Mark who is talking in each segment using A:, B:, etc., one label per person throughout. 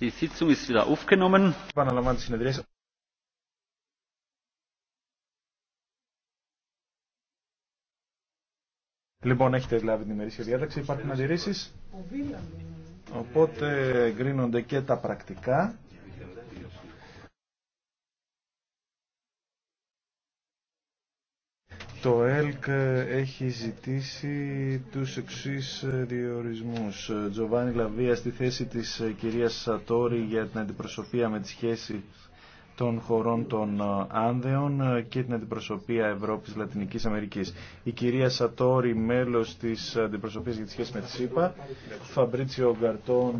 A: Die Sitzung ist wieder aufgenommen.
B: Λοιπόν, έχετε λάβει την ημερήσια διάταξη. Υπάρχουν αντιρρήσεις Οπότε γκρίνονται και τα πρακτικά. Το ΕΛΚ έχει ζητήσει τους εξής διορισμούς. Τζοβάνι Λαβία στη θέση της κυρίας Σατόρη για την αντιπροσωπεία με τη σχέση των χωρών των Άνδεων και την αντιπροσωπεία Ευρώπης Λατινικής Αμερικής. Η κυρία Σατόρη, μέλος της αντιπροσωπείας για τη σχέση με τη ΣΥΠΑ, Φαμπρίτσιο Γκαρτών,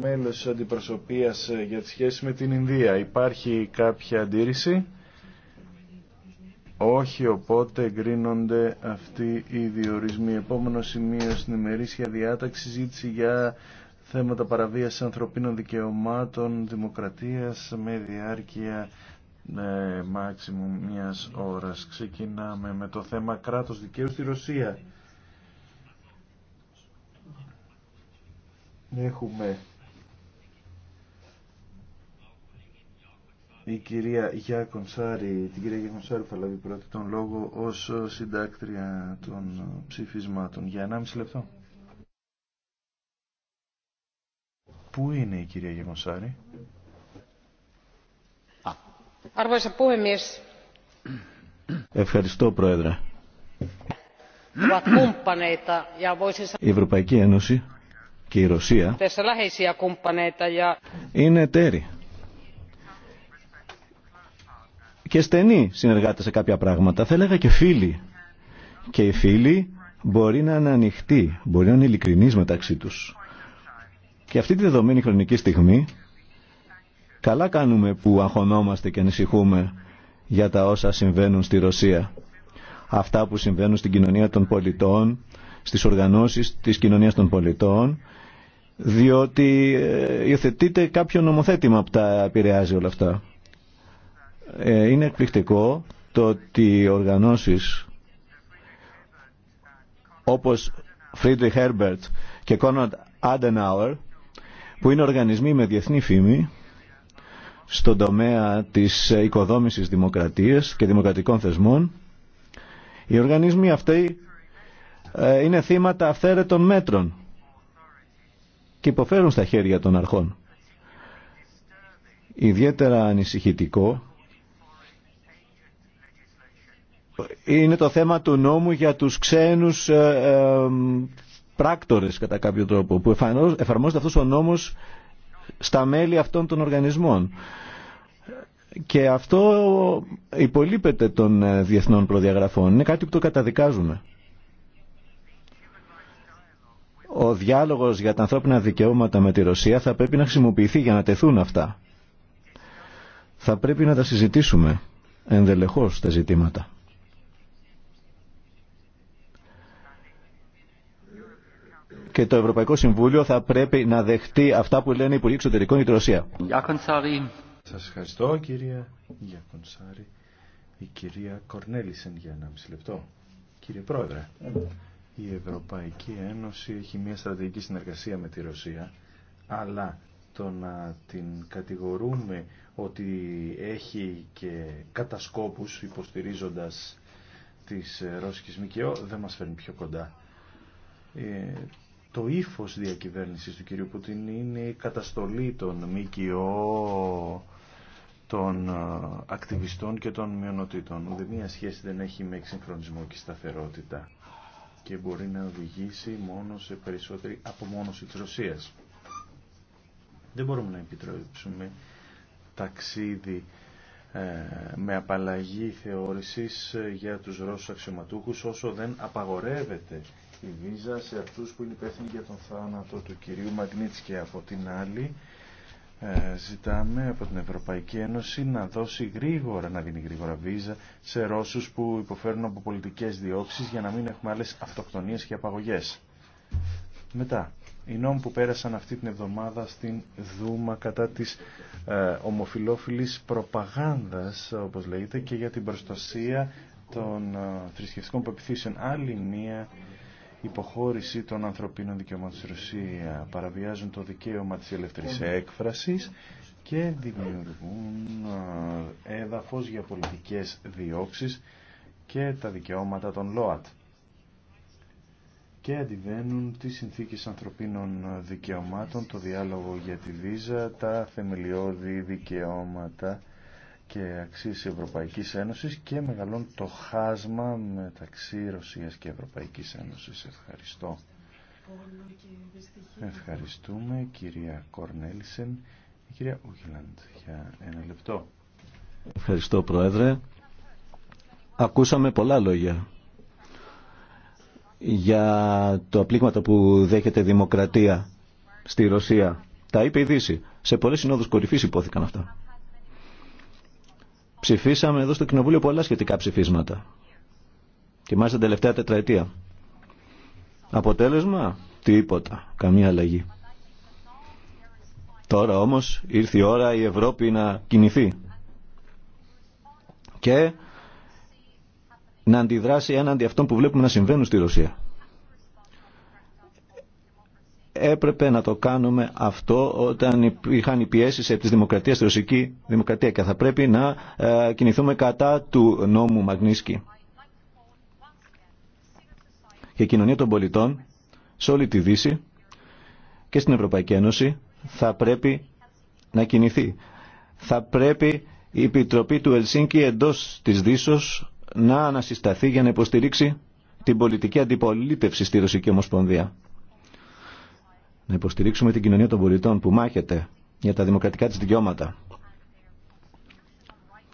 B: μέλος αντιπροσωπείας για τη σχέση με την Ινδία. Υπάρχει κάποια αντίρρηση. Όχι, οπότε εγκρίνονται αυτοί οι διορισμοί. Επόμενο σημείο στην ημερήσια διάταξη συζήτηση για θέματα παραβίασης ανθρωπίνων δικαιωμάτων, δημοκρατίας με διάρκεια ε, μιας ώρας. Ξεκινάμε με το θέμα κράτος δικαίου στη Ρωσία. Έχουμε η κυρία Γιάκονσάρη, την κυρία Γιάκονσάρη θα λάβει πρώτη τον λόγο ως συντάκτρια των ψηφισμάτων. Για 1,5 λεπτό. Πού είναι η κυρία Γιάκονσάρη?
A: Ευχαριστώ Πρόεδρε. Η Ευρωπαϊκή Ένωση και η Ρωσία είναι τέρι. και στενοί συνεργάτες σε κάποια πράγματα. Θα έλεγα και φίλοι. Και οι φίλοι μπορεί να είναι ανοιχτοί, μπορεί να είναι ειλικρινείς μεταξύ τους. Και αυτή τη δεδομένη χρονική στιγμή, καλά κάνουμε που αγχωνόμαστε και ανησυχούμε για τα όσα συμβαίνουν στη Ρωσία. Αυτά που συμβαίνουν στην κοινωνία των πολιτών, στις οργανώσεις της κοινωνίας των πολιτών, διότι ε, υιοθετείται κάποιο νομοθέτημα που τα επηρεάζει όλα αυτά. Ε, είναι εκπληκτικό το ότι οι οργανώσεις όπως Friedrich Herbert και Conrad Adenauer που είναι οργανισμοί με διεθνή φήμη στον τομέα της οικοδόμησης δημοκρατίας και δημοκρατικών θεσμών οι οργανισμοί αυτοί ε, είναι θύματα αυθαίρετων μέτρων και υποφέρουν στα χέρια των αρχών. Ιδιαίτερα ανησυχητικό είναι το θέμα του νόμου για τους ξένους ε, ε, πράκτορες κατά κάποιο τρόπο που εφαρμόζεται αυτός ο νόμος στα μέλη αυτών των οργανισμών. Και αυτό υπολείπεται των ε, διεθνών προδιαγραφών. Είναι κάτι που το καταδικάζουμε. Ο διάλογος για τα ανθρώπινα δικαιώματα με τη Ρωσία θα πρέπει να χρησιμοποιηθεί για να τεθούν αυτά. Θα πρέπει να τα συζητήσουμε ενδελεχώς τα ζητήματα. και το Ευρωπαϊκό Συμβούλιο θα πρέπει να δεχτεί αυτά που λένε οι Υπουργοί Εξωτερικών για τη Ρωσία.
B: Σα ευχαριστώ κυρία Γιακονσάρη. Η κυρία Κορνέλισεν για μισή λεπτό. Κύριε Πρόεδρε, η Ευρωπαϊκή Ένωση έχει μια στρατηγική συνεργασία με τη Ρωσία, αλλά το να την κατηγορούμε ότι έχει και κατασκόπους υποστηρίζοντας τις ε, ρώσικες ΜΚΟ δεν μας φέρνει πιο κοντά. Ε, το ύφο διακυβέρνηση του κυρίου Πουτίν είναι η καταστολή των ΜΚΟ, των ε, ακτιβιστών και των μειονοτήτων. Ούτε μία σχέση δεν έχει με εξυγχρονισμό και σταθερότητα και μπορεί να οδηγήσει μόνο σε περισσότερη απομόνωση της Ρωσίας. Δεν μπορούμε να επιτρέψουμε ταξίδι ε, με απαλλαγή θεώρησης ε, για τους Ρώσους αξιωματούχους όσο δεν απαγορεύεται η βίζα σε αυτούς που είναι υπεύθυνοι για τον θάνατο του κυρίου και Από την άλλη ε, ζητάμε από την Ευρωπαϊκή Ένωση να δώσει γρήγορα, να δίνει γρήγορα βίζα σε Ρώσους που υποφέρουν από πολιτικές διώξεις για να μην έχουμε άλλες αυτοκτονίες και απαγωγές. Μετά, οι νόμοι που πέρασαν αυτή την εβδομάδα στην Δούμα κατά της ε, ομοφιλόφιλης προπαγάνδας, όπως λέγεται, και για την προστασία των ε, θρησκευτικών πεπιθήσεων. Άλλη μία υποχώρηση των ανθρωπίνων δικαιωμάτων της Ρωσία παραβιάζουν το δικαίωμα της ελεύθερης έκφρασης και δημιουργούν ε, έδαφος για πολιτικές διώξεις και τα δικαιώματα των ΛΟΑΤ και αντιβαίνουν τις συνθήκες ανθρωπίνων δικαιωμάτων, το διάλογο για τη βίζα, τα θεμελιώδη δικαιώματα και αξίες Ευρωπαϊκής Ένωσης και μεγαλών το χάσμα μεταξύ Ρωσίας και Ευρωπαϊκής Ένωσης. Ευχαριστώ. Ευχαριστούμε κυρία Κορνέλισεν κυρία Ούχιλαντ για ένα λεπτό.
A: Ευχαριστώ Πρόεδρε. Ακούσαμε πολλά λόγια για το απλήγματα που δέχεται δημοκρατία στη Ρωσία. Τα είπε η Δύση. Σε πολλέ συνόδου κορυφή υπόθηκαν αυτά. Ψηφίσαμε εδώ στο Κοινοβούλιο πολλά σχετικά ψηφίσματα. Και μάλιστα τελευταία τετραετία. Αποτέλεσμα, τίποτα, καμία αλλαγή. Τώρα όμως ήρθε η ώρα η Ευρώπη να κινηθεί. Και να αντιδράσει έναντι αυτών που βλέπουμε να συμβαίνουν στη Ρωσία. Έπρεπε να το κάνουμε αυτό όταν είχαν οι πιέσει τη δημοκρατία στη ρωσική δημοκρατία και θα πρέπει να ε, κινηθούμε κατά του νόμου Μαγνίσκη. Και η κοινωνία των πολιτών σε όλη τη Δύση και στην Ευρωπαϊκή Ένωση θα πρέπει να κινηθεί. Θα πρέπει η Επιτροπή του Ελσίνκη εντός της Δύσος να ανασυσταθεί για να υποστηρίξει την πολιτική αντιπολίτευση στη Ρωσική Ομοσπονδία. Να υποστηρίξουμε την κοινωνία των πολιτών που μάχεται για τα δημοκρατικά της δικαιώματα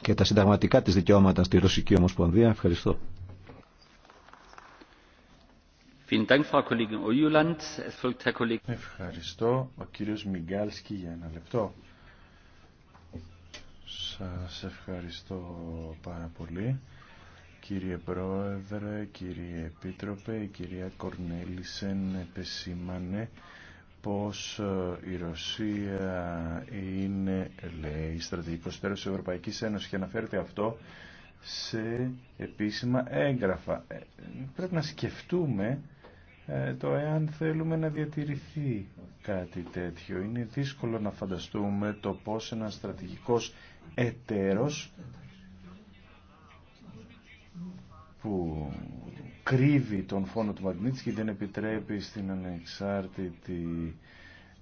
A: και τα συνταγματικά της δικαιώματα στη Ρωσική Ομοσπονδία. Ευχαριστώ.
B: Ευχαριστώ. Ο κύριος Μιγκάλσκι για ένα λεπτό. Σας ευχαριστώ πάρα πολύ. Κύριε Πρόεδρε, κύριε Επίτροπε, η κυρία Κορνέλισεν επεσήμανε πως ε, η Ρωσία είναι, λέει, στρατηγικός τέρος της Ευρωπαϊκής Ένωσης και αναφέρεται αυτό σε επίσημα έγγραφα. Ε, πρέπει να σκεφτούμε ε, το εάν θέλουμε να διατηρηθεί κάτι τέτοιο. Είναι δύσκολο να φανταστούμε το πως ένα στρατηγικός εταίρος που κρύβει τον φόνο του Μαγνίτσκι δεν επιτρέπει στην ανεξάρτητη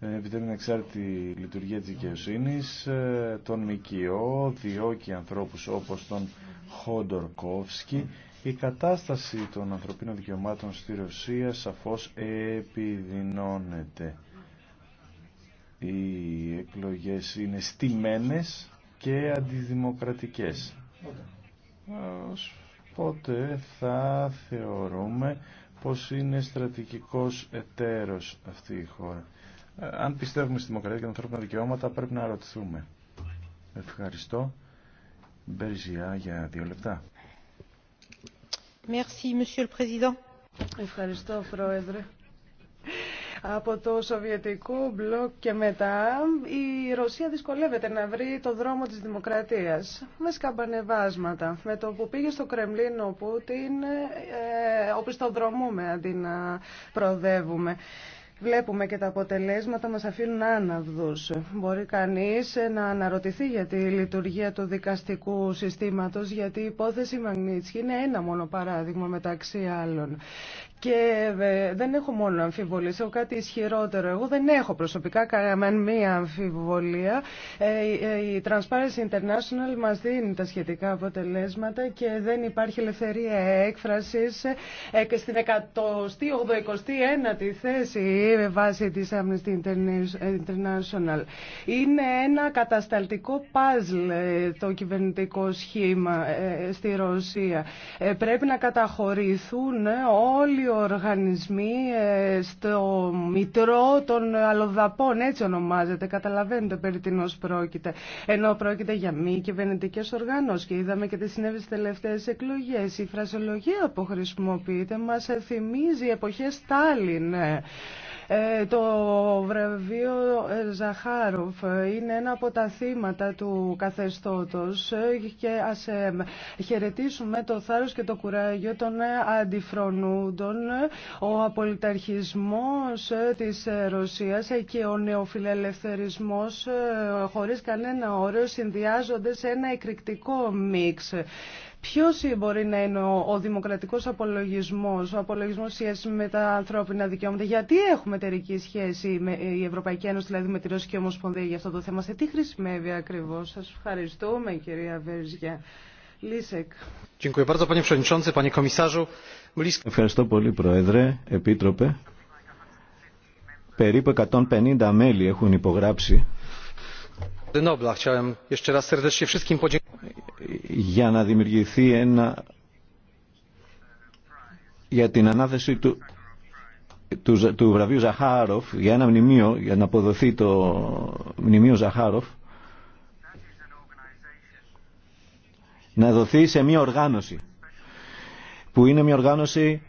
B: επιτρέπει την λειτουργία της δικαιοσύνη, ε, τον ΜΚΟ, διώκει ανθρώπους όπως τον Χόντορκόφσκι. Η κατάσταση των ανθρωπίνων δικαιωμάτων στη Ρωσία σαφώς επιδεινώνεται. Οι εκλογές είναι στιμένες και αντιδημοκρατικές. Οπότε θα θεωρούμε πως είναι στρατηγικός εταίρος αυτή η χώρα. Ε, αν πιστεύουμε στη δημοκρατία και τα ανθρώπινα δικαιώματα πρέπει να ρωτηθούμε. Ευχαριστώ. Μπερζιά για δύο λεπτά.
C: Merci, Ευχαριστώ, Πρόεδρε. Από το Σοβιετικό μπλοκ και μετά η Ρωσία δυσκολεύεται να βρει το δρόμο της δημοκρατίας με σκαμπανεβάσματα. Με το που πήγε στο Κρεμλίνο ο Πούτιν ε, δρομούμε αντί να προοδεύουμε. Βλέπουμε και τα αποτελέσματα μας αφήνουν άναυδους. Μπορεί κανείς ε, να αναρωτηθεί για τη λειτουργία του δικαστικού συστήματος, γιατί η υπόθεση Μαγνίτσκι είναι ένα μόνο παράδειγμα μεταξύ άλλων. Και ε, δεν έχω μόνο αμφιβολίες έχω κάτι ισχυρότερο. Εγώ δεν έχω προσωπικά μία αμφιβολία. Ε, ε, η Transparency International μας δίνει τα σχετικά αποτελέσματα και δεν υπάρχει ελευθερία έκφρασης. Και στην 189η θέση βάση της Amnesty International. Είναι ένα κατασταλτικό παζλ το κυβερνητικό σχήμα στη Ρωσία. Πρέπει να καταχωρηθούν όλοι οργανισμοί ε, στο μητρό των αλλοδαπών, έτσι ονομάζεται, καταλαβαίνετε περί τίνος πρόκειται. Ενώ πρόκειται για μη κυβερνητικέ οργανώσει και είδαμε και τι συνέβη στι τελευταίες εκλογές. Η φρασιολογία που χρησιμοποιείται μας θυμίζει εποχές Στάλιν. Ε, ε, το βραβείο ε, Ζαχάροφ ε, είναι ένα από τα θύματα του καθεστώτος και ας χαιρετήσουμε το θάρρος και το κουράγιο των αντιφρονούντων. Ο απολυταρχισμός της Ρωσίας και ο νεοφιλελευθερισμός χωρίς κανένα όριο συνδυάζονται σε ένα εκρηκτικό μίξ. Ποιο μπορεί να είναι ο, ο δημοκρατικός απολογισμός, ο απολογισμό σχέση με τα ανθρώπινα δικαιώματα. Γιατί έχουμε εταιρική σχέση με ε, η Ευρωπαϊκή Ένωση, δηλαδή με τη Ρωσική Ομοσπονδία για αυτό το θέμα. Σε τι χρησιμεύει ακριβώ. Σα ευχαριστούμε κυρία Βέρζια.
A: Λίσεκ. Ευχαριστώ πολύ Πρόεδρε, Επίτροπε. Περίπου 150 μέλη έχουν υπογράψει για να δημιουργηθεί ένα για την ανάθεση του, του, του βραβείου Ζαχάροφ για ένα μνημείο, για να αποδοθεί το μνημείο Ζαχάροφ να δοθεί σε μια οργάνωση που είναι μια οργάνωση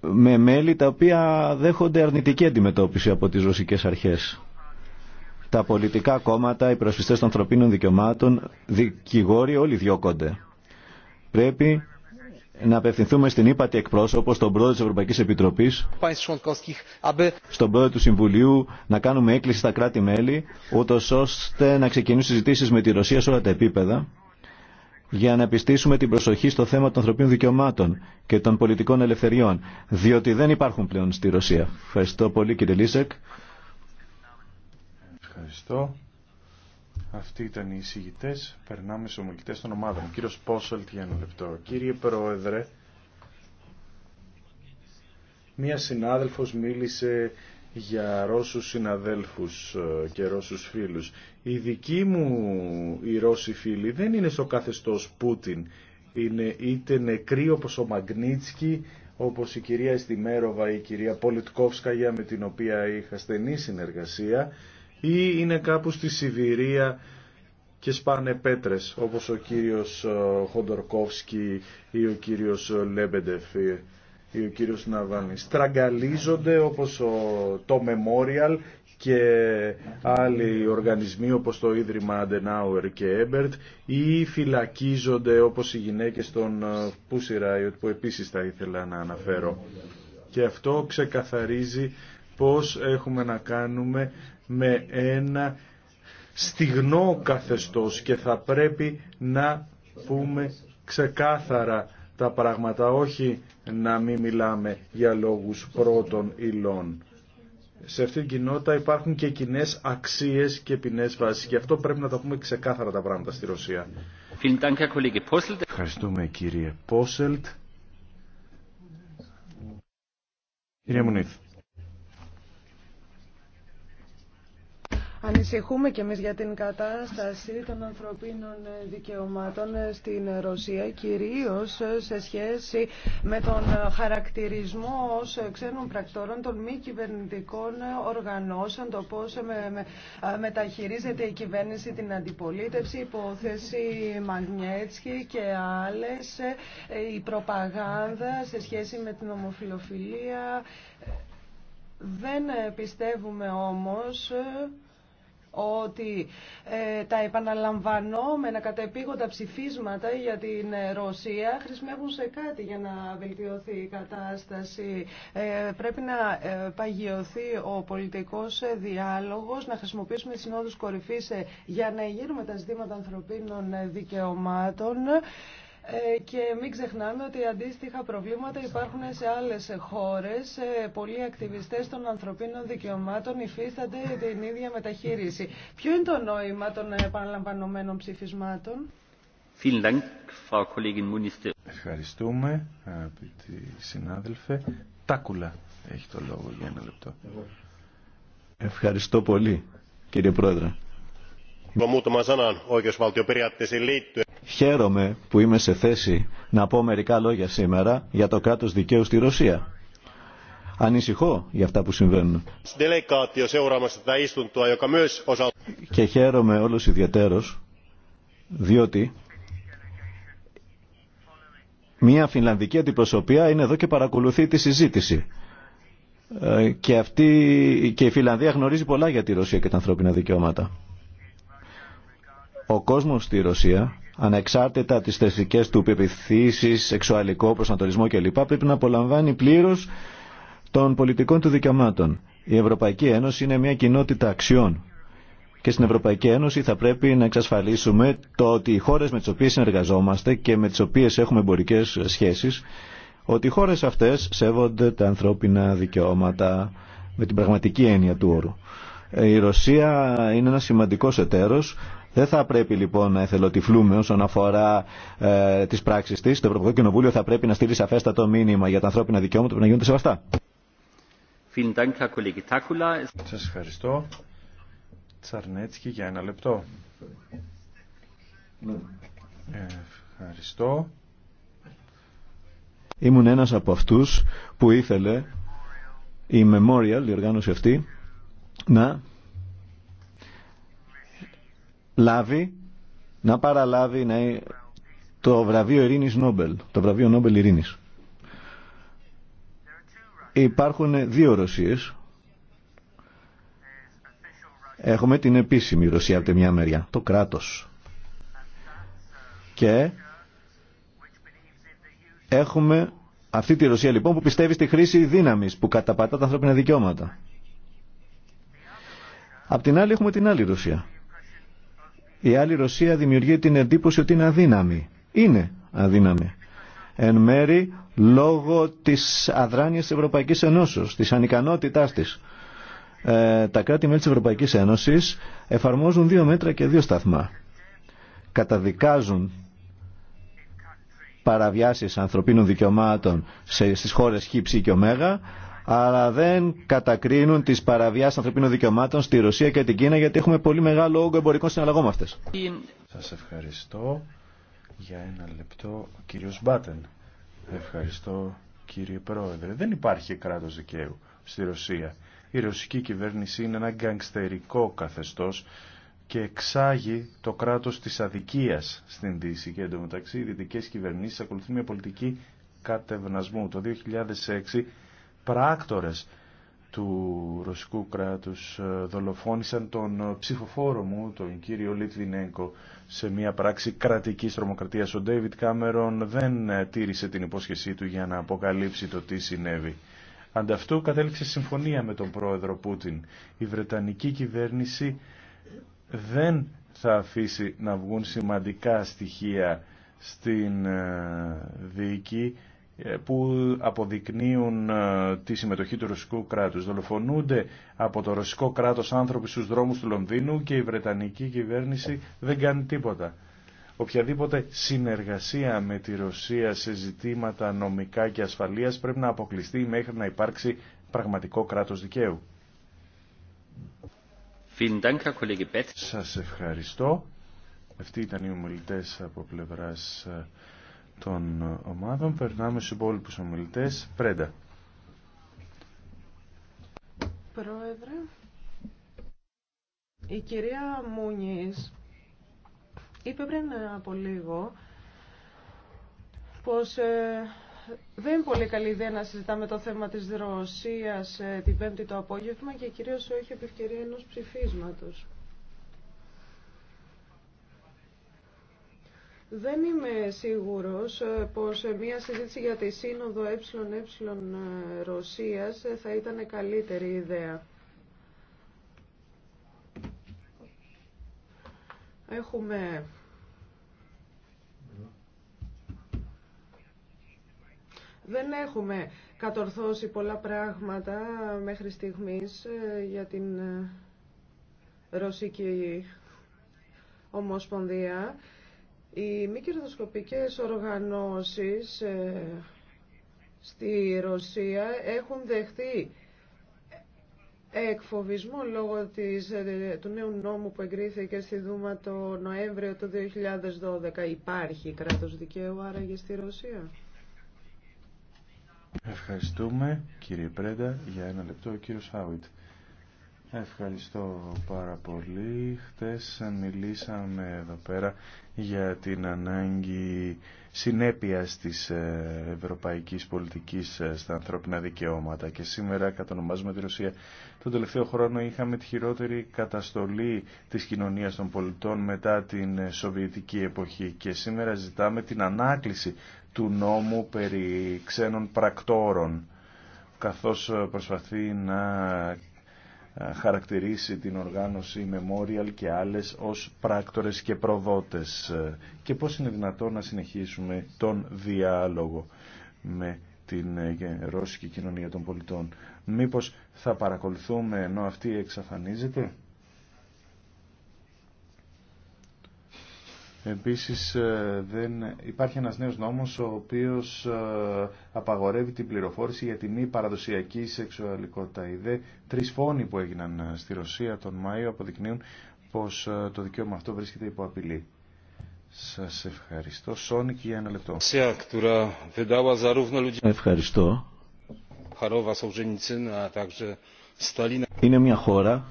A: με μέλη τα οποία δέχονται αρνητική αντιμετώπιση από τις ρωσικές αρχές. Τα πολιτικά κόμματα, οι προσφυστές των ανθρωπίνων δικαιωμάτων, δικηγόροι όλοι διώκονται. Πρέπει να απευθυνθούμε στην ύπατη εκπρόσωπο, στον πρόεδρο της Ευρωπαϊκής Επιτροπής, στον πρόεδρο του Συμβουλίου, να κάνουμε έκκληση στα κράτη-μέλη, ούτως ώστε να ξεκινήσουν συζητήσεις με τη Ρωσία σε όλα τα επίπεδα, για να πιστήσουμε την προσοχή στο θέμα των ανθρωπίνων δικαιωμάτων και των πολιτικών ελευθεριών, διότι δεν υπάρχουν πλέον στη Ρωσία. Ευχαριστώ πολύ κύριε Λίσεκ.
B: Ευχαριστώ. Αυτοί ήταν οι εισηγητέ. Περνάμε στου ομιλητέ των ομάδων. Κύριο Πόσολτ για ένα λεπτό. Κύριε Πρόεδρε, μία συνάδελφο μίλησε για Ρώσους συναδέλφους ε, και Ρώσους φίλους. Οι δικοί μου οι Ρώσοι φίλοι δεν είναι στο καθεστώς Πούτιν. Είναι είτε νεκροί όπως ο Μαγνίτσκι, όπως η κυρία Εστιμέροβα, η κυρία για με την οποία είχα στενή συνεργασία, ή είναι κάπου στη Σιβηρία και σπάνε πέτρες όπως ο κύριος ε, Χοντορκόφσκι ή ο κύριος ε, Λέμπεντεφ ή ο κύριος Ναβάνη. Στραγγαλίζονται όπως το Memorial και άλλοι οργανισμοί όπως το Ίδρυμα Αντενάουερ και Έμπερτ ή φυλακίζονται όπως οι γυναίκες των Πούσιράιωτ ε, που επίσης θα ήθελα να αναφέρω. Και αυτό ξεκαθαρίζει πως έχουμε να κάνουμε με ένα στιγνό καθεστώς και θα πρέπει να πούμε ξεκάθαρα τα πράγματα, όχι να μην μιλάμε για λόγους πρώτων υλών. Σε αυτήν την κοινότητα υπάρχουν και κοινέ αξίες και ποινέ βάσει. Γι' αυτό πρέπει να τα πούμε ξεκάθαρα τα πράγματα στη Ρωσία. Ευχαριστούμε κύριε Πόσελτ.
C: Κύριε Μουνίθ. Ανησυχούμε και εμείς για την κατάσταση των ανθρωπίνων δικαιωμάτων στην Ρωσία, κυρίως σε σχέση με τον χαρακτηρισμό ως ξένων πρακτόρων των μη κυβερνητικών οργανώσεων, το πώς μεταχειρίζεται η κυβέρνηση την αντιπολίτευση, υπόθεση Μαγνιέτσκι και άλλες, η προπαγάνδα σε σχέση με την ομοφιλοφιλία. Δεν πιστεύουμε όμως ότι ε, τα επαναλαμβανόμενα κατεπήγοντα ψηφίσματα για την ε, Ρωσία χρησιμεύουν σε κάτι για να βελτιωθεί η κατάσταση. Ε, πρέπει να ε, παγιωθεί ο πολιτικός διάλογος, να χρησιμοποιήσουμε τις συνόδους κορυφής για να εγείρουμε τα ζητήματα ανθρωπίνων δικαιωμάτων. Ε, και μην ξεχνάμε ότι αντίστοιχα προβλήματα υπάρχουν σε άλλες χώρες. Ε, πολλοί ακτιβιστές των ανθρωπίνων δικαιωμάτων υφίστανται την ίδια μεταχείριση. Ποιο είναι το νόημα των επαναλαμβανωμένων ψηφισμάτων?
B: Ευχαριστούμε, αγαπητοί συνάδελφε. Τάκουλα έχει το λόγο για ένα λεπτό.
A: Ευχαριστώ πολύ, κύριε Πρόεδρε. Χαίρομαι που είμαι σε θέση να πω μερικά λόγια σήμερα για το κράτος δικαίου στη Ρωσία. Ανησυχώ για αυτά που συμβαίνουν. Και χαίρομαι όλος ιδιαίτερος διότι μια φιλανδική αντιπροσωπεία είναι εδώ και παρακολουθεί τη συζήτηση. Ε, και, αυτή, και η Φιλανδία γνωρίζει πολλά για τη Ρωσία και τα ανθρώπινα δικαιώματα. Ο κόσμος στη Ρωσία, ανεξάρτητα τις θεσμικές του πεπιθήσεις, σεξουαλικό προσανατολισμό κλπ, πρέπει να απολαμβάνει πλήρως των πολιτικών του δικαιωμάτων. Η Ευρωπαϊκή Ένωση είναι μια κοινότητα αξιών. Και στην Ευρωπαϊκή Ένωση θα πρέπει να εξασφαλίσουμε το ότι οι χώρες με τις οποίες συνεργαζόμαστε και με τις οποίες έχουμε εμπορικέ σχέσεις, ότι οι χώρες αυτές σέβονται τα ανθρώπινα δικαιώματα με την πραγματική έννοια του όρου. Η Ρωσία είναι ένας σημαντικός εταίρος δεν θα πρέπει λοιπόν να εθελοτυφλούμε όσον αφορά ε, τι πράξει τη. Το Ευρωπαϊκό Κοινοβούλιο θα πρέπει να στείλει σαφέστατο μήνυμα για τα ανθρώπινα δικαιώματα που να γίνονται σεβαστά.
B: Σα ευχαριστώ. Τσαρνέτσκι για ένα λεπτό. Ευχαριστώ.
A: Ήμουν ένας από αυτούς που ήθελε η Memorial, η οργάνωση αυτή, να λάβει, να παραλάβει να... το βραβείο Ειρηνη Νόμπελ, το βραβείο Νόμπελ Ειρήνης. Υπάρχουν δύο Ρωσίες. Έχουμε την επίσημη Ρωσία από τη μια μεριά, το κράτος. Και έχουμε αυτή τη Ρωσία λοιπόν που πιστεύει στη χρήση δύναμης που καταπατά τα ανθρώπινα δικαιώματα. Απ' την άλλη έχουμε την άλλη Ρωσία η άλλη Ρωσία δημιουργεί την εντύπωση ότι είναι αδύναμη. Είναι αδύναμη. Εν μέρη λόγω της αδράνειας της Ευρωπαϊκής Ενώσεως, της ανικανότητάς της. Ε, τα κράτη-μέλη της Ευρωπαϊκής Ένωσης εφαρμόζουν δύο μέτρα και δύο σταθμά. Καταδικάζουν παραβιάσεις ανθρωπίνων δικαιωμάτων σε, στις χώρες Χ, Ψ και Ω αλλά δεν κατακρίνουν τις παραβιάσεις ανθρωπίνων δικαιωμάτων στη Ρωσία και την Κίνα γιατί έχουμε πολύ μεγάλο όγκο εμπορικών συναλλαγών με αυτές.
B: Σας ευχαριστώ για ένα λεπτό Κύριο κύριος Μπάτεν. Ευχαριστώ κύριε Πρόεδρε. Δεν υπάρχει κράτος δικαίου στη Ρωσία. Η ρωσική κυβέρνηση είναι ένα γκαγκστερικό καθεστώς και εξάγει το κράτος της αδικίας στην Δύση και εντωμεταξύ οι δυτικές κυβερνήσεις ακολουθούν μια πολιτική κατευνασμού. Το 2006 πράκτορες του ρωσικού κράτους ε, δολοφόνησαν τον ε, ψηφοφόρο μου, τον κύριο Λιτβινέγκο, σε μια πράξη κρατικής τρομοκρατίας. Ο Ντέιβιτ Κάμερον δεν ε, τήρησε την υπόσχεσή του για να αποκαλύψει το τι συνέβη. Ανταυτού κατέληξε συμφωνία με τον πρόεδρο Πούτιν. Η Βρετανική κυβέρνηση δεν θα αφήσει να βγουν σημαντικά στοιχεία στην δίκη ε, που αποδεικνύουν ε, τη συμμετοχή του ρωσικού κράτους. Δολοφονούνται από το ρωσικό κράτος άνθρωποι στους δρόμους του Λονδίνου και η Βρετανική κυβέρνηση δεν κάνει τίποτα. Οποιαδήποτε συνεργασία με τη Ρωσία σε ζητήματα νομικά και ασφαλείας πρέπει να αποκλειστεί μέχρι να υπάρξει πραγματικό κράτος δικαίου. Σας ευχαριστώ. Αυτοί ήταν οι ομιλητές από πλευράς ε, των ομάδων. Περνάμε στους υπόλοιπους ομιλητές. Πρέντα.
C: Πρόεδρε, η κυρία Μούνης είπε πριν από λίγο πως ε, δεν είναι πολύ καλή ιδέα να συζητάμε το θέμα της Ρωσίας ε, την Πέμπτη το απόγευμα και κυρίως όχι επί ευκαιρία ενός ψηφίσματος. Δεν είμαι σίγουρος ε, πως ε, μια συζήτηση για τη Σύνοδο ΕΕ Ρωσίας θα ήταν καλύτερη ιδέα. Έχουμε Δεν έχουμε κατορθώσει πολλά πράγματα μέχρι στιγμής για την Ρωσική Ομοσπονδία. Οι μη κερδοσκοπικέ οργανώσεις ε, στη Ρωσία έχουν δεχθεί εκφοβισμό λόγω της, ε, του νέου νόμου που εγκρίθηκε στη Δούμα το Νοέμβριο του 2012. Υπάρχει κράτος δικαίου άραγε στη Ρωσία.
B: Ευχαριστούμε κύριε Πρέντα για ένα λεπτό ο κύριος Χάουιτ. Ευχαριστώ πάρα πολύ. Χτες μιλήσαμε εδώ πέρα για την ανάγκη συνέπειας της ε, ευρωπαϊκής πολιτικής ε, στα ανθρώπινα δικαιώματα και σήμερα κατονομάζουμε τη Ρωσία. Τον τελευταίο χρόνο είχαμε τη χειρότερη καταστολή της κοινωνίας των πολιτών μετά την ε, Σοβιετική εποχή και σήμερα ζητάμε την ανάκληση του νόμου περί ξένων πρακτόρων καθώς προσπαθεί να ε, χαρακτηρίσει την οργάνωση Memorial και άλλες ως πράκτορες και προδότες και πώς είναι δυνατόν να συνεχίσουμε τον διάλογο με την ε, ρώσικη κοινωνία των πολιτών. Μήπως θα παρακολουθούμε ενώ αυτή εξαφανίζεται. Επίσης ε, δεν... υπάρχει ένας νέος νόμος ο οποίος ε, απαγορεύει την πληροφόρηση για τη μη παραδοσιακή σεξουαλικότητα. Οι δε τρεις φόνοι που έγιναν ε, στη Ρωσία τον Μάιο αποδεικνύουν πως το δικαίωμα αυτό βρίσκεται υπό απειλή. Σας ευχαριστώ. Σόνικ για ένα λεπτό.
A: Ευχαριστώ. Είναι μια χώρα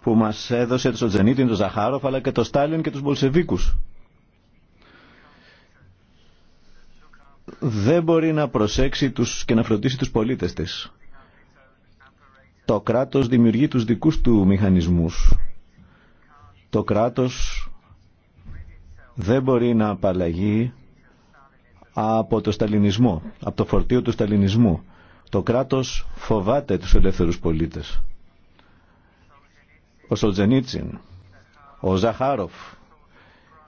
A: που μας έδωσε τον Τζενίτιν, τον Ζαχάροφ, αλλά και τον Στάλιν και τους Μπολσεβίκους. δεν μπορεί να προσέξει τους και να φροντίσει τους πολίτες της. Το κράτος δημιουργεί τους δικούς του μηχανισμούς. Το κράτος δεν μπορεί να απαλλαγεί από το σταλινισμό, από το φορτίο του σταλινισμού. Το κράτος φοβάται τους ελεύθερους πολίτες. Ο Σολτζενίτσιν, ο Ζαχάροφ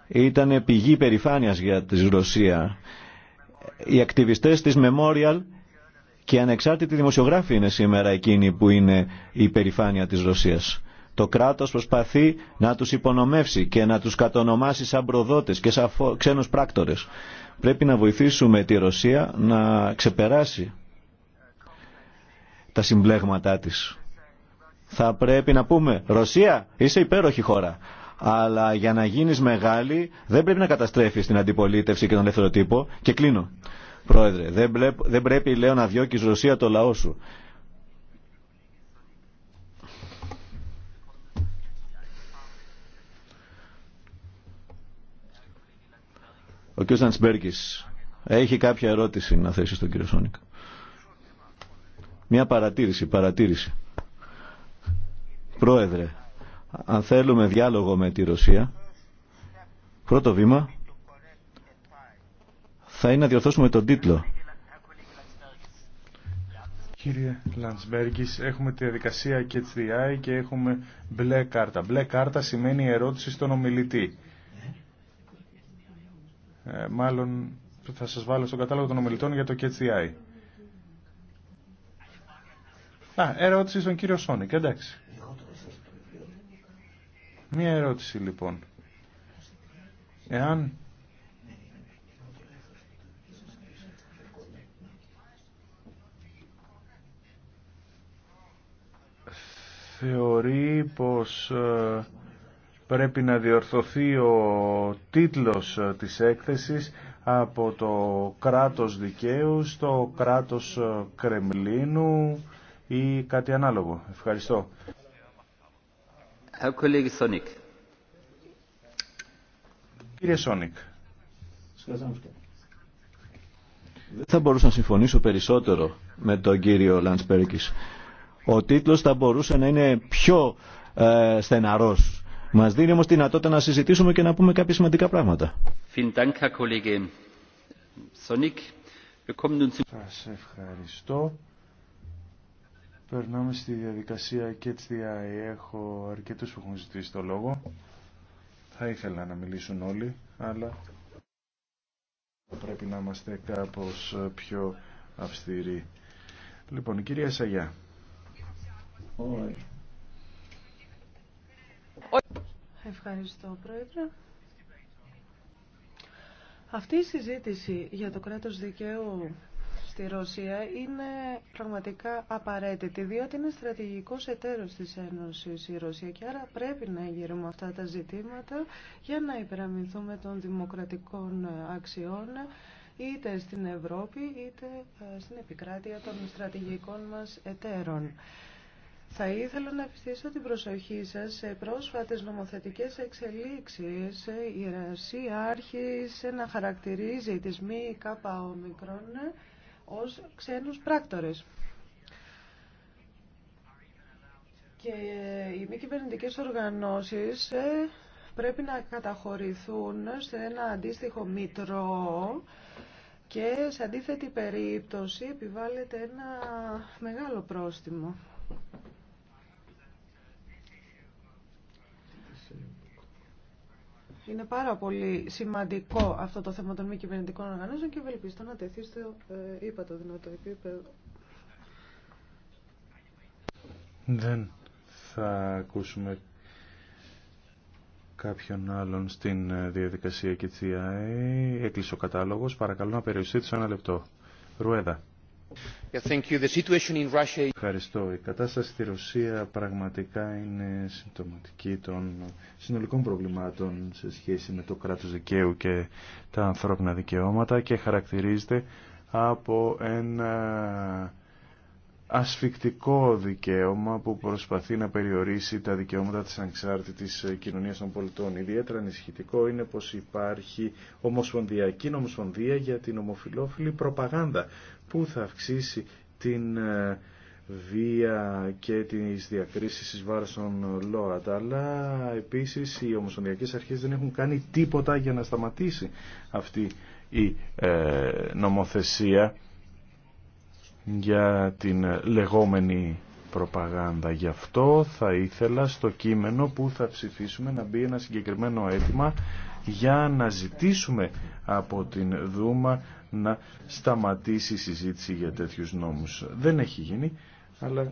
A: ήταν πηγή περηφάνειας για τη Ρωσία οι ακτιβιστές της Memorial και οι ανεξάρτητοι δημοσιογράφοι είναι σήμερα εκείνοι που είναι η υπερηφάνεια της Ρωσίας. Το κράτος προσπαθεί να τους υπονομεύσει και να τους κατονομάσει σαν προδότες και σαν ξένους πράκτορες. Πρέπει να βοηθήσουμε τη Ρωσία να ξεπεράσει τα συμπλέγματά της. Θα πρέπει να πούμε «Ρωσία, είσαι υπέροχη χώρα». Αλλά για να γίνει μεγάλη δεν πρέπει να καταστρέφει την αντιπολίτευση και τον ελεύθερο Και κλείνω. Πρόεδρε, δεν, δεν πρέπει λέω να διώκει Ρωσία το λαό σου. Ο κ. Σαντσμπέρκης έχει κάποια ερώτηση να θέσει στον κύριο Σόνικ. Μια παρατήρηση, παρατήρηση. Πρόεδρε, αν θέλουμε διάλογο με τη Ρωσία, πρώτο βήμα θα είναι να διορθώσουμε τον τίτλο.
B: Κύριε Λαντσμπέργκης, έχουμε τη διαδικασία και HDI και έχουμε μπλε κάρτα. Μπλε κάρτα σημαίνει ερώτηση στον ομιλητή. Ε, μάλλον θα σας βάλω στον κατάλογο των ομιλητών για το HDI. Α, ερώτηση στον κύριο Σόνικ, εντάξει. Μία ερώτηση λοιπόν. Εάν θεωρεί πως ε, πρέπει να διορθωθεί ο τίτλος ε, της έκθεσης από το κράτος δικαίου στο κράτος ε, Κρεμλίνου ή κάτι ανάλογο. Ευχαριστώ.
A: Κύριε Σόνικ. Δεν θα μπορούσα να συμφωνήσω περισσότερο με τον κύριο Λαντσπέρκης. Ο τίτλος θα μπορούσε να είναι πιο ε, στεναρός. Μας δίνει όμως τη δυνατότητα να συζητήσουμε και να πούμε κάποια σημαντικά πράγματα.
B: Σας ευχαριστώ. Περνάμε στη διαδικασία και έτσι έχω αρκετούς που έχουν ζητήσει το λόγο. Θα ήθελα να μιλήσουν όλοι, αλλά πρέπει να είμαστε κάπως πιο αυστηροί. Λοιπόν, η κυρία Σαγιά.
C: Ευχαριστώ, Πρόεδρε. Αυτή η συζήτηση για το κράτος δικαίου η Ρωσία είναι πραγματικά απαραίτητη, διότι είναι στρατηγικός εταίρος της Ένωση η Ρωσία και άρα πρέπει να γύρουμε αυτά τα ζητήματα για να υπεραμεινθούμε των δημοκρατικών αξιών είτε στην Ευρώπη είτε ε, στην επικράτεια των στρατηγικών μας εταίρων. Θα ήθελα να επιστήσω την προσοχή σας σε πρόσφατες νομοθετικές εξελίξεις. Η Ρωσία άρχισε να χαρακτηρίζει τις μη κάπα ως ξένους πράκτορες. Και οι μη κυβερνητικέ οργανώσεις ε, πρέπει να καταχωρηθούν σε ένα αντίστοιχο μητρό και σε αντίθετη περίπτωση επιβάλλεται ένα μεγάλο πρόστιμο. Είναι πάρα πολύ σημαντικό αυτό το θέμα των μη κυβερνητικών οργανώσεων και ευελπιστώ να τεθεί στο ε, δυνατό επίπεδο.
B: Δεν θα ακούσουμε κάποιον άλλον στην ε, διαδικασία και Έκλεισε ο κατάλογος. Παρακαλώ να περιοριστείτε σε ένα λεπτό. Ρουέδα. Ευχαριστώ. Η κατάσταση στη Ρωσία πραγματικά είναι συμπτωματική των συνολικών προβλημάτων σε σχέση με το κράτος δικαίου και τα ανθρώπινα δικαιώματα και χαρακτηρίζεται από ένα ασφικτικό δικαίωμα που προσπαθεί να περιορίσει τα δικαιώματα της ανεξάρτητης κοινωνίας των πολιτών. Ιδιαίτερα ανησυχητικό είναι πως υπάρχει ομοσπονδιακή νομοσπονδία για την ομοφιλόφιλη προπαγάνδα που θα αυξήσει την ε, βία και τις διακρίσεις εις βάρος των ΛΟΑΤ. Αλλά επίσης οι ομοσπονδιακές αρχές δεν έχουν κάνει τίποτα για να σταματήσει αυτή η ε, νομοθεσία για την λεγόμενη προπαγάνδα. Γι' αυτό θα ήθελα στο κείμενο που θα ψηφίσουμε να μπει ένα συγκεκριμένο αίτημα για να ζητήσουμε από την Δούμα να σταματήσει η συζήτηση για τέτοιους νόμους. Δεν έχει γίνει, αλλά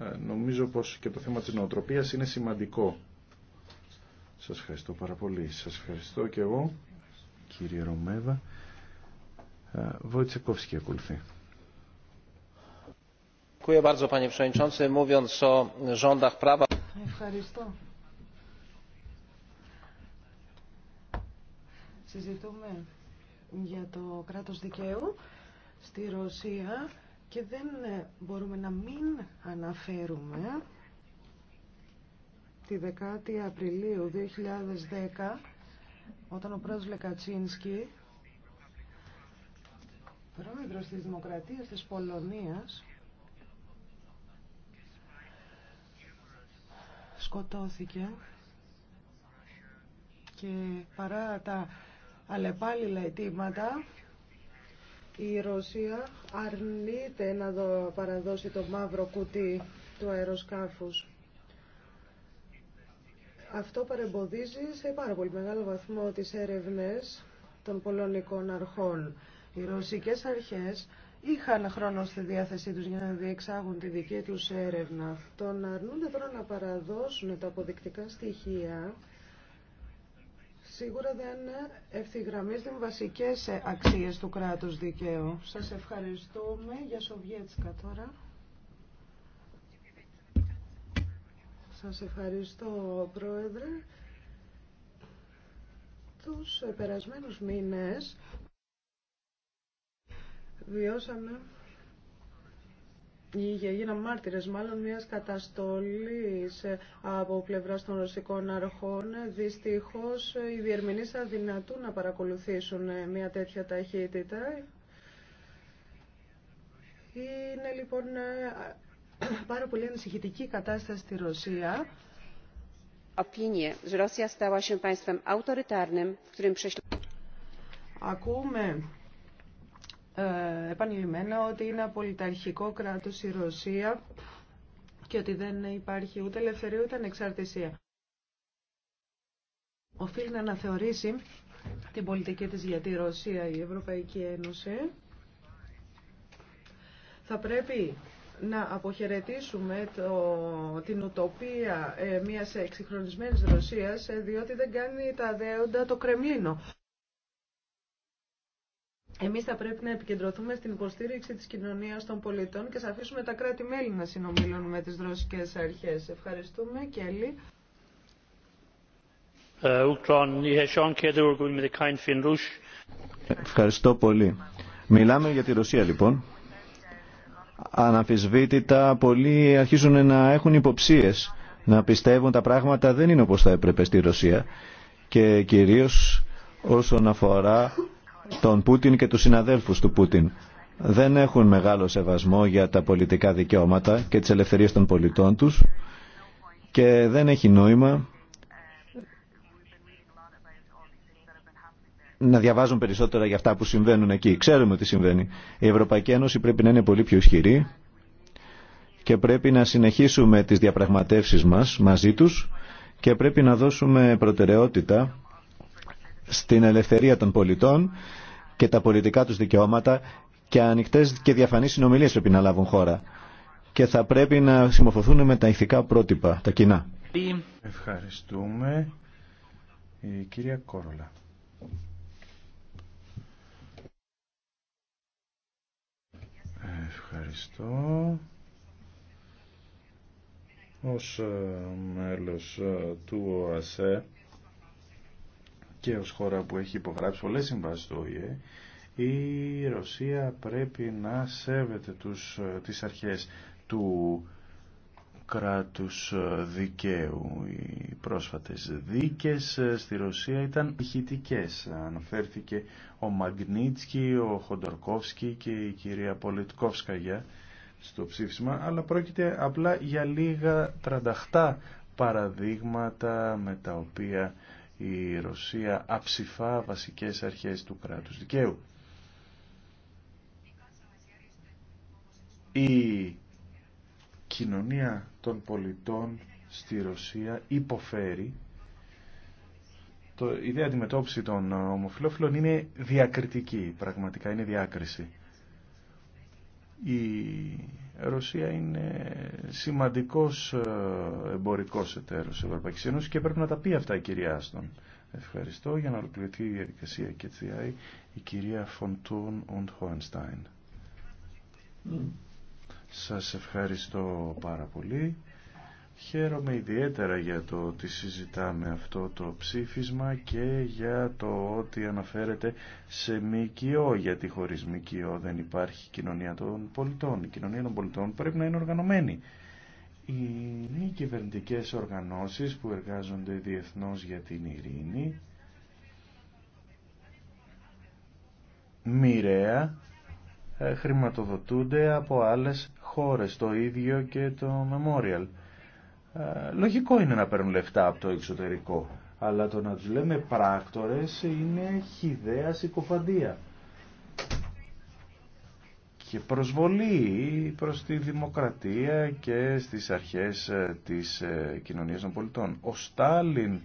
B: ε, νομίζω πως και το θέμα της νοοτροπίας είναι σημαντικό. Σας ευχαριστώ πάρα πολύ. Σας ευχαριστώ και εγώ, κύριε Ρωμέβα. Ε, και ακολουθεί.
A: Ευχαριστώ.
C: Συζητούμε για το κράτος δικαίου στη Ρωσία και δεν μπορούμε να μην αναφέρουμε τη 10η Απριλίου 2010 όταν ο πρόεδρος Λεκατσίνσκι πρόεδρος της Δημοκρατίας της Πολωνίας σκοτώθηκε και παρά τα αλλεπάλληλα αιτήματα η Ρωσία αρνείται να παραδώσει το μαύρο κουτί του αεροσκάφους. Αυτό παρεμποδίζει σε πάρα πολύ μεγάλο βαθμό τις έρευνες των πολωνικών αρχών. Οι ρωσικές αρχές είχαν χρόνο στη διάθεσή τους για να διεξάγουν τη δική τους έρευνα. Τον αρνούνται τώρα να παραδώσουν τα αποδεικτικά στοιχεία σίγουρα δεν ευθυγραμμίζουν με βασικές αξίες του κράτους δικαίου. Σας ευχαριστούμε για Σοβιέτσκα τώρα. Σας ευχαριστώ, Πρόεδρε. Τους περασμένους μήνες Βιώσαμε γίναν μάρτυρες μάλλον μιας καταστολή ε, από πλευρά των ρωσικών αρχών. Δυστυχώ ε, οι διερμηνεί αδυνατούν να παρακολουθήσουν ε, μια τέτοια ταχύτητα. Είναι λοιπόν πάρα πολύ ανησυχητική κατάσταση στη Ρωσία. Ακούμε ε, επανειλημμένα ότι είναι απολυταρχικό κράτος η Ρωσία και ότι δεν υπάρχει ούτε ελευθερία ούτε ανεξαρτησία. Οφείλει να αναθεωρήσει την πολιτική της για τη Ρωσία η Ευρωπαϊκή Ένωση. Θα πρέπει να αποχαιρετήσουμε το, την ουτοπία ε, μιας εξυγχρονισμένης Ρωσίας, ε, διότι δεν κάνει τα δέοντα το Κρεμλίνο. Εμείς θα πρέπει να επικεντρωθούμε στην υποστήριξη της κοινωνίας των πολιτών και θα αφήσουμε τα κράτη-μέλη να συνομιλούν με τις δροσικές αρχές. Ευχαριστούμε, Κέλλη.
B: Ε,
A: Ευχαριστώ πολύ. Μιλάμε για τη Ρωσία λοιπόν. Αναμφισβήτητα πολλοί αρχίζουν να έχουν υποψίες, να πιστεύουν τα πράγματα δεν είναι όπως θα έπρεπε στη Ρωσία και κυρίως όσον αφορά τον Πούτιν και τους συναδέλφους του Πούτιν δεν έχουν μεγάλο σεβασμό για τα πολιτικά δικαιώματα και τις ελευθερίες των πολιτών τους και δεν έχει νόημα να διαβάζουν περισσότερα για αυτά που συμβαίνουν εκεί. Ξέρουμε τι συμβαίνει. Η Ευρωπαϊκή Ένωση πρέπει να είναι πολύ πιο ισχυρή και πρέπει να συνεχίσουμε τις διαπραγματεύσεις μας μαζί τους και πρέπει να δώσουμε προτεραιότητα στην ελευθερία των πολιτών και τα πολιτικά τους δικαιώματα και ανοιχτέ και διαφανείς συνομιλίες πρέπει να λάβουν χώρα και θα πρέπει να συμμορφωθούν με τα ηθικά πρότυπα, τα κοινά.
B: Ευχαριστούμε. Η κυρία Κόρολα. Ευχαριστώ. Ως ε, μέλος ε, του ΟΑΣΕ και ως χώρα που έχει υπογράψει πολλές συμβάσεις του η Ρωσία πρέπει να σέβεται τους, τις αρχές του κράτους δικαίου. Οι πρόσφατες δίκες στη Ρωσία ήταν ηχητικές. Αναφέρθηκε ο Μαγνίτσκι, ο Χοντορκόφσκι και η κυρία Πολιτκόφσκαγια στο ψήφισμα, αλλά πρόκειται απλά για λίγα τρανταχτά παραδείγματα με τα οποία η Ρωσία αψηφά βασικές αρχές του κράτους δικαίου. Η κοινωνία των πολιτών στη Ρωσία υποφέρει το, η ιδέα αντιμετώπιση των ομοφυλόφιλων είναι διακριτική, πραγματικά είναι διάκριση. Η Ρωσία είναι σημαντικός ε, εμπορικός εταίρος της Ευρωπαϊκής Ένωσης και πρέπει να τα πει αυτά η κυρία Άστον. Ευχαριστώ. Για να ολοκληρωθεί η διαδικασία και η κυρία Φοντούν und Hohenstein. Mm. Σας ευχαριστώ πάρα πολύ. Χαίρομαι ιδιαίτερα για το ότι συζητάμε αυτό το ψήφισμα και για το ότι αναφέρεται σε ΜΚΟ, γιατί χωρίς ΜΚΟ δεν υπάρχει κοινωνία των πολιτών. Η κοινωνία των πολιτών πρέπει να είναι οργανωμένη. Οι μη κυβερνητικέ οργανώσεις που εργάζονται διεθνώς για την ειρήνη, μοιραία, ε, χρηματοδοτούνται από άλλες χώρες, το ίδιο και το Memorial. Ε, λογικό είναι να παίρνουν λεφτά από το εξωτερικό, αλλά το να τους λέμε πράκτορες είναι χιδέα συκοφαντία και προσβολή προς τη δημοκρατία και στις αρχές ε, της ε, κοινωνίας των πολιτών. Ο Στάλιν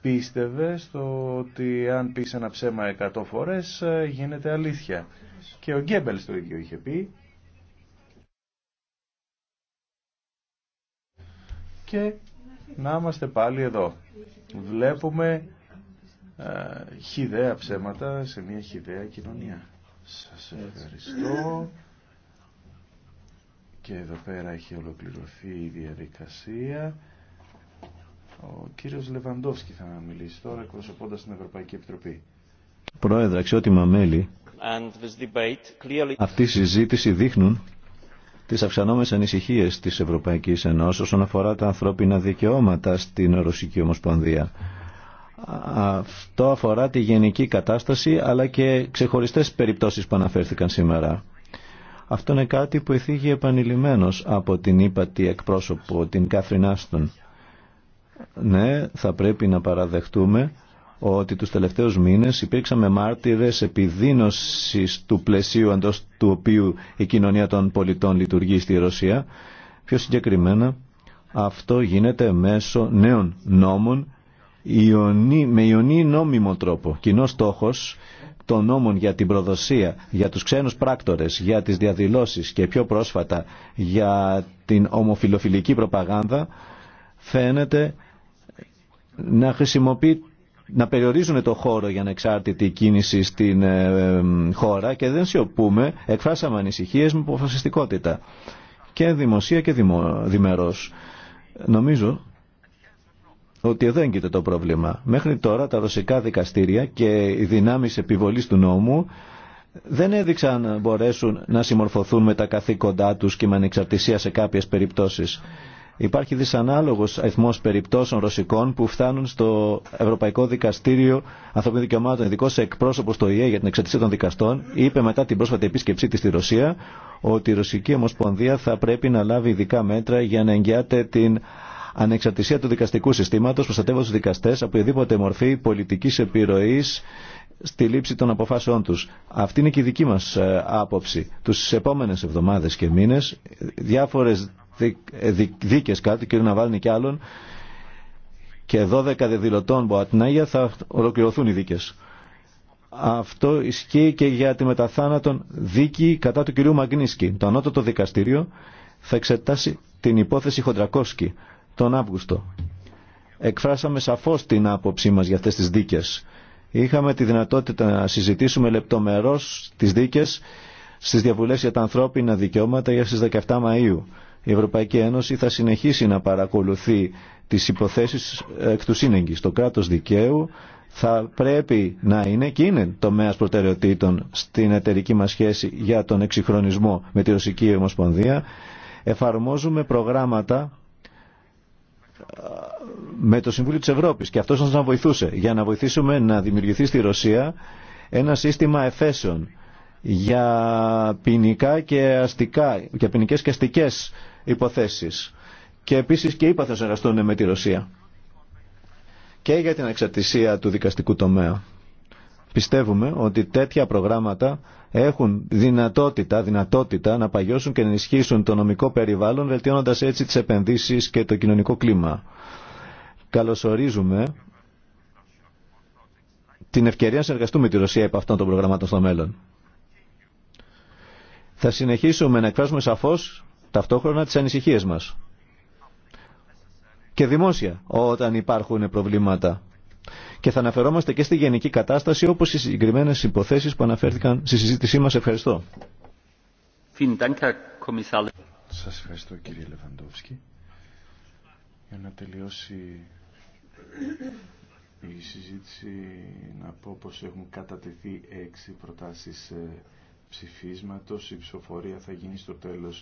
B: πίστευε στο ότι αν πεις ένα ψέμα 100 φορές γίνεται αλήθεια. Και ο Γκέμπελς το ίδιο είχε πει και να είμαστε πάλι εδώ. Βλέπουμε α, ε, χιδέα ψέματα σε μια χιδέα κοινωνία. Σας ευχαριστώ. Και εδώ πέρα έχει ολοκληρωθεί η διαδικασία. Ο κύριος Λεβαντόφσκι θα μιλήσει τώρα εκπροσωπώντας την Ευρωπαϊκή Επιτροπή.
A: Πρόεδρε, αξιότιμα μέλη, αυτή η συζήτηση δείχνουν τι αυξανόμενε ανησυχίες τη Ευρωπαϊκή Ενώση όσον αφορά τα ανθρώπινα δικαιώματα στην Ρωσική Ομοσπονδία. Αυτό αφορά τη γενική κατάσταση αλλά και ξεχωριστές περιπτώσεις που αναφέρθηκαν σήμερα. Αυτό είναι κάτι που εθίγει επανειλημμένος από την ύπατη εκπρόσωπο, την Κάθριν Άστον. Ναι, θα πρέπει να παραδεχτούμε ότι τους τελευταίους μήνες υπήρξαμε μάρτυρες επιδίνωσης του πλαισίου αντός του οποίου η κοινωνία των πολιτών λειτουργεί στη Ρωσία. Πιο συγκεκριμένα αυτό γίνεται μέσω νέων νόμων με ιονή νόμιμο τρόπο. Κοινό στόχο των νόμων για την προδοσία, για τους ξένους πράκτορες, για τις διαδηλώσεις και πιο πρόσφατα για την ομοφιλοφιλική προπαγάνδα φαίνεται να χρησιμοποιεί να περιορίζουν το χώρο για ανεξάρτητη κίνηση στην ε, ε, χώρα και δεν σιωπούμε, εκφράσαμε ανησυχίες με αποφασιστικότητα και δημοσία και δημο, Νομίζω ότι εδώ έγκυται το πρόβλημα. Μέχρι τώρα τα ρωσικά δικαστήρια και οι δυνάμεις επιβολής του νόμου δεν έδειξαν να μπορέσουν να συμμορφωθούν με τα καθήκοντά τους και με ανεξαρτησία σε κάποιες περιπτώσεις. Υπάρχει δυσανάλογος αριθμός περιπτώσεων ρωσικών που φτάνουν στο Ευρωπαϊκό Δικαστήριο Ανθρωπίνων Δικαιωμάτων. Ειδικό εκπρόσωπο του ΙΕ για την εξαρτησία των δικαστών είπε μετά την πρόσφατη επίσκεψή τη στη Ρωσία ότι η Ρωσική Ομοσπονδία θα πρέπει να λάβει ειδικά μέτρα για να εγγυάται την ανεξαρτησία του δικαστικού συστήματος προστατεύοντας τους δικαστές από οποιαδήποτε μορφή πολιτικής επιρροής στη λήψη των αποφάσεών τους. Αυτή είναι και η δική μας ε, άποψη. Τους επόμενες εβδομάδες και μήνες διάφορες ε, Δίκε κάτι, κ. βάλουν και άλλων και 12 δεδηλωτών Μποατνάγια θα ολοκληρωθούν οι δίκες. Αυτό ισχύει και για τη μεταθάνατον δίκη κατά του κυρίου Μαγνίσκη. Το ανώτατο δικαστήριο θα εξετάσει την υπόθεση Χοντρακόσκη τον Αύγουστο. Εκφράσαμε σαφώς την άποψή μα για αυτές τις δίκες. Είχαμε τη δυνατότητα να συζητήσουμε λεπτομερώς τις δίκες στις διαβουλεύσεις για τα ανθρώπινα δικαιώματα για στις 17 Μαΐου η Ευρωπαϊκή Ένωση θα συνεχίσει να παρακολουθεί τις υποθέσεις εκ του σύνεγγυς. Το κράτος δικαίου θα πρέπει να είναι και είναι τομέας προτεραιοτήτων στην εταιρική μας σχέση για τον εξυγχρονισμό με τη Ρωσική Ομοσπονδία. Εφαρμόζουμε προγράμματα με το Συμβούλιο της Ευρώπης και αυτός μας να βοηθούσε για να βοηθήσουμε να δημιουργηθεί στη Ρωσία ένα σύστημα εφέσεων για ποινικά και αστικά, για ποινικέ και αστικέ υποθέσει. Και επίση και είπα θα συνεργαστούν με τη Ρωσία. Και για την εξαρτησία του δικαστικού τομέα. Πιστεύουμε ότι τέτοια προγράμματα έχουν δυνατότητα, δυνατότητα να παγιώσουν και να ενισχύσουν το νομικό περιβάλλον, βελτιώνοντα έτσι τι επενδύσει και το κοινωνικό κλίμα. Καλωσορίζουμε την ευκαιρία να συνεργαστούμε τη Ρωσία από αυτών των προγραμμάτων στο μέλλον. Θα συνεχίσουμε να εκφράσουμε σαφώς ταυτόχρονα τις ανησυχίες μας. Και δημόσια όταν υπάρχουν προβλήματα. Και θα αναφερόμαστε και στη γενική κατάσταση όπως οι συγκεκριμένε υποθέσεις που αναφέρθηκαν στη συζήτησή μας. Ευχαριστώ.
B: Σας ευχαριστώ κύριε Λεβαντόφσκι. Για να τελειώσει η συζήτηση να πω πως έχουν κατατεθεί έξι προτάσεις ε, ψηφίσματος. Η ψηφοφορία θα γίνει στο τέλος